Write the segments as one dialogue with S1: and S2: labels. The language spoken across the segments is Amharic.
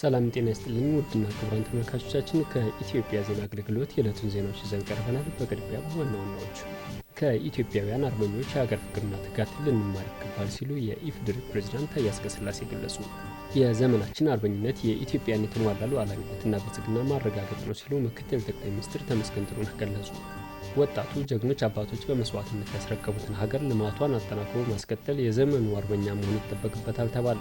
S1: ሰላም ጤና ይስጥልኝ ውድና ክቡራን ተመልካቾቻችን ከኢትዮጵያ ዜና አገልግሎት የዕለቱን ዜናዎች ይዘን ቀርበናል። በቅድሚያ ዋና ዋናዎቹ ከኢትዮጵያውያን አርበኞች የሀገር ፍቅርና ትጋት ልንማር ይገባል ሲሉ የኢፌዴሪ ፕሬዚዳንት ታዬ አጽቀሥላሴ ገለጹ። የዘመናችን አርበኝነት የኢትዮጵያን የተሟላ ሉዓላዊነትና ብልጽግና ማረጋገጥ ነው ሲሉ ምክትል ጠቅላይ ሚኒስትር ተመስገን ጥሩነህ ገለጹ። ወጣቱ ጀግኖች አባቶች በመስዋዕትነት ያስረከቡትን ሀገር ልማቷን አጠናክሮ ማስቀጠል የዘመኑ አርበኛ መሆን ይጠበቅበታል ተባለ።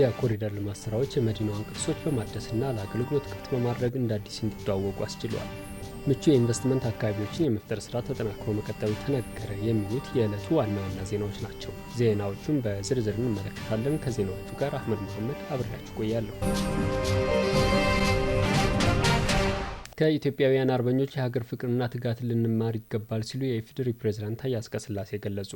S1: የኮሪደር ልማት ስራዎች የመዲናዋን ቅርሶች በማደስና ለአገልግሎት ክፍት በማድረግ እንደ አዲስ እንዲተዋወቁ አስችለዋል። ምቹ የኢንቨስትመንት አካባቢዎችን የመፍጠር ስራ ተጠናክሮ መቀጠሉ ተነገረ። የሚሉት የዕለቱ ዋና ዋና ዜናዎች ናቸው። ዜናዎቹን በዝርዝር እንመለከታለን። ከዜናዎቹ ጋር አህመድ መሐመድ አብሬያችሁ ቆያለሁ። ከኢትዮጵያውያን አርበኞች የሀገር ፍቅርና ትጋት ልንማር ይገባል ሲሉ የኢፌዴሪ ፕሬዝዳንት ታዬ አጽቀሥላሴ ገለጹ።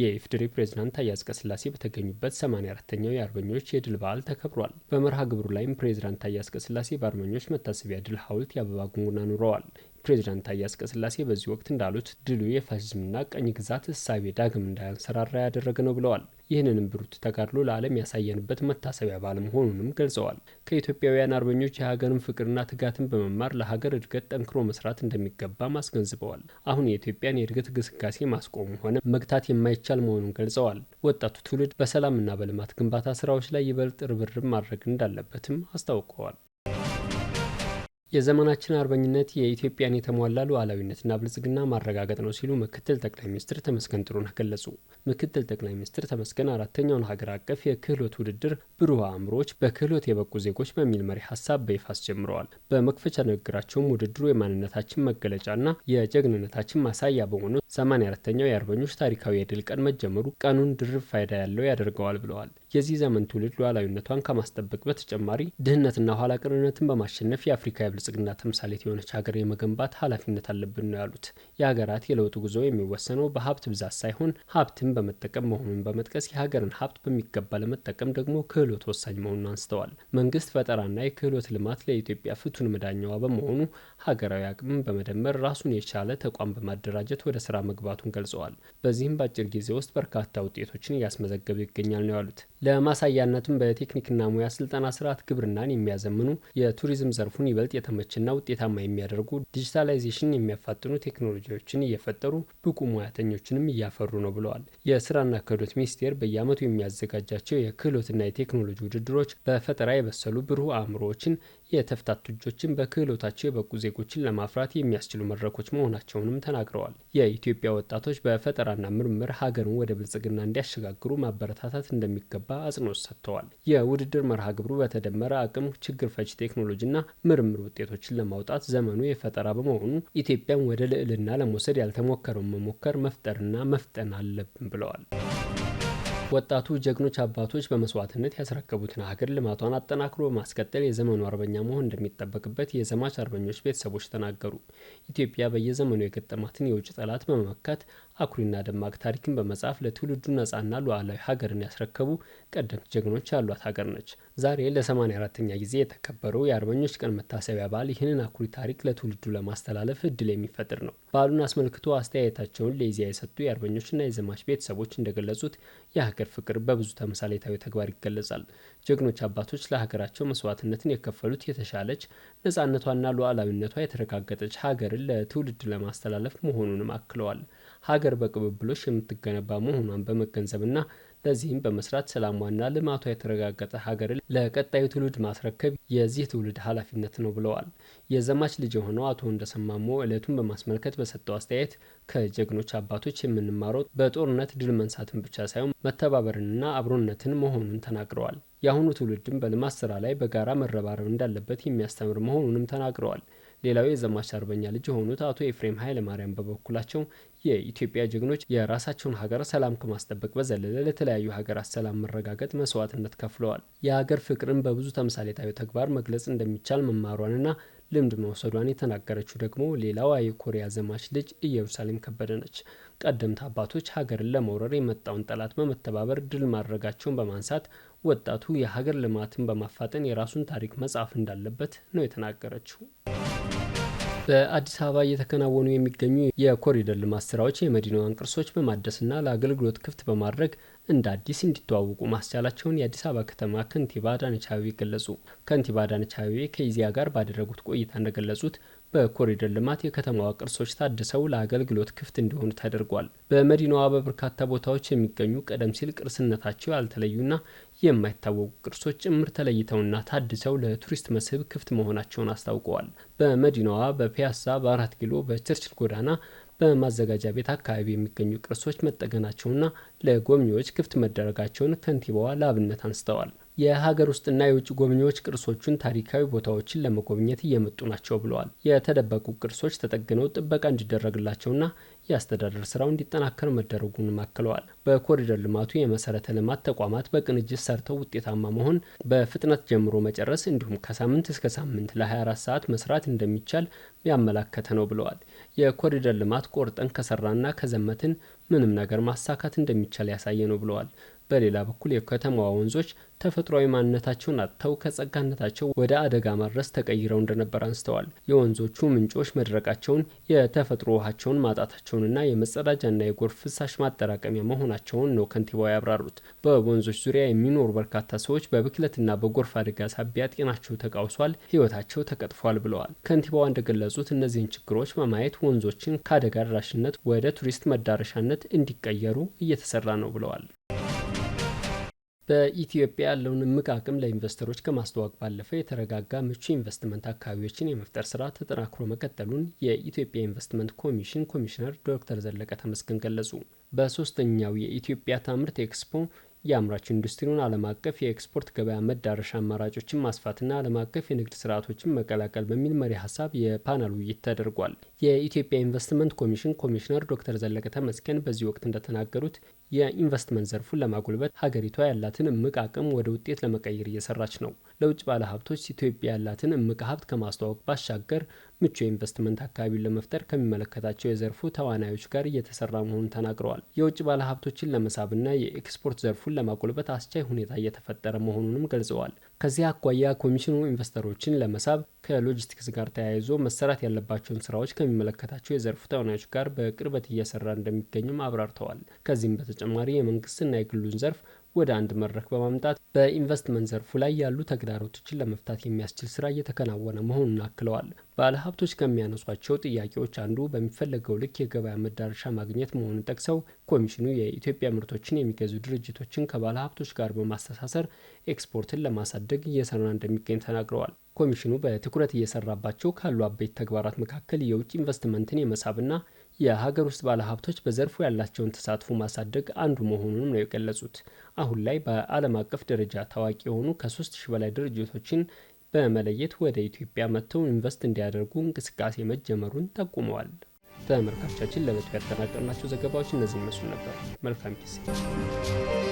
S1: የኢፌዴሪ ፕሬዝዳንት ታዬ አጽቀሥላሴ በተገኙበት 84 ተኛው የአርበኞች የድል በዓል ተከብሯል። በመርሃ ግብሩ ላይም ፕሬዝዳንት ታዬ አጽቀሥላሴ በአርበኞች መታሰቢያ ድል ሐውልት የአበባ ጉንጉን አኑረዋል። ፕሬዝዳንት ታዬ አጽቀሥላሴ በዚህ ወቅት እንዳሉት ድሉ የፋሽዝምና ቀኝ ግዛት እሳቤ ዳግም እንዳያንሰራራ ያደረገ ነው ብለዋል። ይህንንም ብሩት ተጋድሎ ለዓለም ያሳየንበት መታሰቢያ በዓል መሆኑንም ገልጸዋል። ከኢትዮጵያውያን አርበኞች የሀገርን ፍቅርና ትጋትን በመማር ለሀገር እድገት ጠንክሮ መስራት እንደሚገባም አስገንዝበዋል። አሁን የኢትዮጵያን የእድገት ግስጋሴ ማስቆሙ ሆነ መግታት የማይቻል መሆኑን ገልጸዋል። ወጣቱ ትውልድ በሰላምና በልማት ግንባታ ስራዎች ላይ ይበልጥ ርብርብ ማድረግ እንዳለበትም አስታውቀዋል። የዘመናችን አርበኝነት የኢትዮጵያን የተሟላ ሉዓላዊነትና ብልጽግና ማረጋገጥ ነው ሲሉ ምክትል ጠቅላይ ሚኒስትር ተመስገን ጥሩነህ ገለጹ። ምክትል ጠቅላይ ሚኒስትር ተመስገን አራተኛውን ሀገር አቀፍ የክህሎት ውድድር ብሩህ አእምሮዎች በክህሎት የበቁ ዜጎች በሚል መሪ ሀሳብ በይፋ አስጀምረዋል። በመክፈቻ ንግግራቸውም ውድድሩ የማንነታችን መገለጫና የጀግንነታችን ማሳያ በሆኑ 84ኛው የአርበኞች ታሪካዊ የድል ቀን መጀመሩ ቀኑን ድርብ ፋይዳ ያለው ያደርገዋል ብለዋል። የዚህ ዘመን ትውልድ ሉዓላዊነቷን ከማስጠበቅ በተጨማሪ ድህነትና ኋላ ቅንነትን በማሸነፍ የአፍሪካ የብልጽግና ተምሳሌት የሆነች ሀገር የመገንባት ኃላፊነት አለብን ነው ያሉት። የሀገራት የለውጥ ጉዞ የሚወሰነው በሀብት ብዛት ሳይሆን ሀብትን በመጠቀም መሆኑን በመጥቀስ የሀገርን ሀብት በሚገባ ለመጠቀም ደግሞ ክህሎት ወሳኝ መሆኑን አንስተዋል። መንግስት ፈጠራና የክህሎት ልማት ለኢትዮጵያ ፍቱን መዳኛዋ በመሆኑ ሀገራዊ አቅምን በመደመር ራሱን የቻለ ተቋም በማደራጀት ወደ ስራ መግባቱን ገልጸዋል። በዚህም በአጭር ጊዜ ውስጥ በርካታ ውጤቶችን እያስመዘገበ ይገኛል ነው ያሉት። ለማሳያነትም በቴክኒክና ሙያ ስልጠና ስርዓት ግብርናን የሚያዘምኑ የቱሪዝም ዘርፉን ይበልጥ የተመችና ውጤታማ የሚያደርጉ ዲጂታላይዜሽን የሚያፋጥኑ ቴክኖሎጂዎችን እየፈጠሩ ብቁ ሙያተኞችንም እያፈሩ ነው ብለዋል። የስራና ክህሎት ሚኒስቴር በየዓመቱ የሚያዘጋጃቸው የክህሎትና የቴክኖሎጂ ውድድሮች በፈጠራ የበሰሉ ብሩህ አእምሮዎችን የተፍታቱ እጆችን በክህሎታቸው የበቁ ዜጎችን ለማፍራት የሚያስችሉ መድረኮች መሆናቸውንም ተናግረዋል። የኢትዮጵያ ወጣቶች በፈጠራና ምርምር ሀገርን ወደ ብልጽግና እንዲያሸጋግሩ ማበረታታት እንደሚገባ አጽንኦት ሰጥተዋል። የውድድር መርሃ ግብሩ በተደመረ አቅም ችግር ፈች ቴክኖሎጂና ምርምር ውጤቶችን ለማውጣት ዘመኑ የፈጠራ በመሆኑ ኢትዮጵያን ወደ ልዕልና ለመውሰድ ያልተሞከረውን መሞከር መፍጠርና መፍጠን አለብን ብለዋል። ወጣቱ ጀግኖች አባቶች በመስዋዕትነት ያስረከቡትን ሀገር ልማቷን አጠናክሮ በማስቀጠል የዘመኑ አርበኛ መሆን እንደሚጠበቅበት የዘማች አርበኞች ቤተሰቦች ተናገሩ። ኢትዮጵያ በየዘመኑ የገጠማትን የውጭ ጠላት በመመከት አኩሪና ደማቅ ታሪክን በመጻፍ ለትውልዱ ነጻና ሉዓላዊ ሀገርን ያስረከቡ ቀደምት ጀግኖች ያሏት ሀገር ነች። ዛሬ ለ84ኛ ጊዜ የተከበረው የአርበኞች ቀን መታሰቢያ በዓል ይህንን አኩሪ ታሪክ ለትውልዱ ለማስተላለፍ እድል የሚፈጥር ነው። በዓሉን አስመልክቶ አስተያየታቸውን ለኢዜአ የሰጡ የአርበኞችና የዘማች ቤተሰቦች እንደገለጹት የሀገር ፍቅር በብዙ ተምሳሌታዊ ተግባር ይገለጻል። ጀግኖች አባቶች ለሀገራቸው መስዋዕትነትን የከፈሉት የተሻለች ነጻነቷና ሉዓላዊነቷ የተረጋገጠች ሀገርን ለትውልድ ለማስተላለፍ መሆኑንም አክለዋል። ሀገር በቅብብሎች የምትገነባ መሆኗን በመገንዘብና ለዚህም በመስራት ሰላሟና ልማቷ የተረጋገጠ ሀገርን ለቀጣዩ ትውልድ ማስረከብ የዚህ ትውልድ ኃላፊነት ነው ብለዋል። የዘማች ልጅ የሆነው አቶ እንደሰማሞ እለቱን በማስመልከት በሰጠው አስተያየት ከጀግኖች አባቶች የምንማረው በጦርነት ድል መንሳትን ብቻ ሳይሆን መተባበርንና አብሮነትን መሆኑን ተናግረዋል። የአሁኑ ትውልድም በልማት ስራ ላይ በጋራ መረባረብ እንዳለበት የሚያስተምር መሆኑንም ተናግረዋል። ሌላው የዘማች አርበኛ ልጅ የሆኑት አቶ ኤፍሬም ኃይለማርያም በበኩላቸው የኢትዮጵያ ጀግኖች የራሳቸውን ሀገር ሰላም ከማስጠበቅ በዘለለ ለተለያዩ ሀገራት ሰላም መረጋገጥ መስዋዕትነት ከፍለዋል። የሀገር ፍቅርን በብዙ ተምሳሌታዊ ተግባ በተግባር መግለጽ እንደሚቻል መማሯንና ልምድ መውሰዷን የተናገረችው ደግሞ ሌላዋ የኮሪያ ዘማች ልጅ ኢየሩሳሌም ከበደ ነች። ቀደምት አባቶች ሀገርን ለመውረር የመጣውን ጠላት በመተባበር ድል ማድረጋቸውን በማንሳት ወጣቱ የሀገር ልማትን በማፋጠን የራሱን ታሪክ መጻፍ እንዳለበት ነው የተናገረችው። በአዲስ አበባ እየተከናወኑ የሚገኙ የኮሪደር ልማት ስራዎች የመዲናዋን ቅርሶች በማደስና ለአገልግሎት ክፍት በማድረግ እንደ አዲስ እንዲተዋወቁ ማስቻላቸውን የአዲስ አበባ ከተማ ከንቲባ አዳነች አቤቤ ገለጹ። ከንቲባ አዳነች አቤቤ ከኢዜአ ጋር ባደረጉት ቆይታ እንደገለጹት በኮሪደር ልማት የከተማዋ ቅርሶች ታድሰው ለአገልግሎት ክፍት እንዲሆኑ ተደርጓል። በመዲናዋ በበርካታ ቦታዎች የሚገኙ ቀደም ሲል ቅርስነታቸው ያልተለዩና የማይታወቁ ቅርሶች ጭምር ተለይተውና ታድሰው ለቱሪስት መስህብ ክፍት መሆናቸውን አስታውቀዋል። በመዲናዋ በፒያሳ፣ በአራት ኪሎ፣ በቸርችል ጎዳና በማዘጋጃ ቤት አካባቢ የሚገኙ ቅርሶች መጠገናቸውና ለጎብኚዎች ክፍት መደረጋቸውን ከንቲባዋ ለአብነት አንስተዋል። የሀገር ውስጥና የውጭ ጎብኚዎች ቅርሶቹን፣ ታሪካዊ ቦታዎችን ለመጎብኘት እየመጡ ናቸው ብለዋል። የተደበቁ ቅርሶች ተጠግነው ጥበቃ እንዲደረግላቸውና የአስተዳደር ስራው እንዲጠናከር መደረጉን አክለዋል። በኮሪደር ልማቱ የመሰረተ ልማት ተቋማት በቅንጅት ሰርተው ውጤታማ መሆን፣ በፍጥነት ጀምሮ መጨረስ እንዲሁም ከሳምንት እስከ ሳምንት ለ24 ሰዓት መስራት እንደሚቻል ያመላከተ ነው ብለዋል። የኮሪደር ልማት ቆርጠን ከሰራና ከዘመትን ምንም ነገር ማሳካት እንደሚቻል ያሳየ ነው ብለዋል። በሌላ በኩል የከተማዋ ወንዞች ተፈጥሯዊ ማንነታቸውን አጥተው ከጸጋነታቸው ወደ አደጋ ማድረስ ተቀይረው እንደነበር አንስተዋል። የወንዞቹ ምንጮች መድረቃቸውን፣ የተፈጥሮ ውሃቸውን ማጣታቸውንና የመጸዳጃና የጎርፍ ፍሳሽ ማጠራቀሚያ መሆናቸውን ነው ከንቲባው ያብራሩት። በወንዞች ዙሪያ የሚኖሩ በርካታ ሰዎች በብክለትና በጎርፍ አደጋ ሳቢያ ጤናቸው ተቃውሷል፣ ህይወታቸው ተቀጥፏል ብለዋል። ከንቲባዋ እንደገለጹት እነዚህን ችግሮች በማየት ወንዞችን ከአደጋ አድራሽነት ወደ ቱሪስት መዳረሻነት እንዲቀየሩ እየተሰራ ነው ብለዋል። በኢትዮጵያ ያለውን እምቅ አቅም ለኢንቨስተሮች ከማስተዋወቅ ባለፈ የተረጋጋ ምቹ ኢንቨስትመንት አካባቢዎችን የመፍጠር ስራ ተጠናክሮ መቀጠሉን የኢትዮጵያ ኢንቨስትመንት ኮሚሽን ኮሚሽነር ዶክተር ዘለቀ ተመስገን ገለጹ። በሶስተኛው የኢትዮጵያ ታምርት ኤክስፖ የአምራች ኢንዱስትሪውን ዓለም አቀፍ የኤክስፖርት ገበያ መዳረሻ አማራጮችን ማስፋትና ዓለም አቀፍ የንግድ ስርዓቶችን መቀላቀል በሚል መሪ ሀሳብ የፓናል ውይይት ተደርጓል። የኢትዮጵያ ኢንቨስትመንት ኮሚሽን ኮሚሽነር ዶክተር ዘለቀ ተመስገን በዚህ ወቅት እንደተናገሩት የኢንቨስትመንት ዘርፉን ለማጎልበት ሀገሪቷ ያላትን እምቅ አቅም ወደ ውጤት ለመቀየር እየሰራች ነው። ለውጭ ባለሀብቶች ኢትዮጵያ ያላትን እምቅ ሀብት ከማስተዋወቅ ባሻገር ምቹ የኢንቨስትመንት አካባቢውን ለመፍጠር ከሚመለከታቸው የዘርፉ ተዋናዮች ጋር እየተሰራ መሆኑን ተናግረዋል። የውጭ ባለሀብቶችን ለመሳብና የኤክስፖርት ዘርፉን ለማጎልበት አስቻይ ሁኔታ እየተፈጠረ መሆኑንም ገልጸዋል። ከዚህ አኳያ ኮሚሽኑ ኢንቨስተሮችን ለመሳብ ከሎጂስቲክስ ጋር ተያይዞ መሰራት ያለባቸውን ስራዎች ከሚመለከታቸው የዘርፉ ተዋናዮች ጋር በቅርበት እየሰራ እንደሚገኝም አብራርተዋል። ከዚህም በተጨማሪ የመንግስትና የግሉን ዘርፍ ወደ አንድ መድረክ በማምጣት በኢንቨስትመንት ዘርፉ ላይ ያሉ ተግዳሮቶችን ለመፍታት የሚያስችል ስራ እየተከናወነ መሆኑን አክለዋል። ባለሀብቶች ከሚያነሷቸው ጥያቄዎች አንዱ በሚፈለገው ልክ የገበያ መዳረሻ ማግኘት መሆኑን ጠቅሰው ኮሚሽኑ የኢትዮጵያ ምርቶችን የሚገዙ ድርጅቶችን ከባለሀብቶች ጋር በማስተሳሰር ኤክስፖርትን ለማሳደግ እየሰራ እንደሚገኝ ተናግረዋል። ኮሚሽኑ በትኩረት እየሰራባቸው ካሉ አበይት ተግባራት መካከል የውጭ ኢንቨስትመንትን የመሳብና የሀገር ውስጥ ባለሀብቶች በዘርፉ ያላቸውን ተሳትፎ ማሳደግ አንዱ መሆኑንም ነው የገለጹት። አሁን ላይ በዓለም አቀፍ ደረጃ ታዋቂ የሆኑ ከ ሺህ በላይ ድርጅቶችን በመለየት ወደ ኢትዮጵያ መጥተው ኢንቨስት እንዲያደርጉ እንቅስቃሴ መጀመሩን ጠቁመዋል። ተመልካቾቻችን ለዕለቱ ያጠናቀርናቸው ዘገባዎች እነዚህ ይመስሉ ነበር። መልካም ጊዜ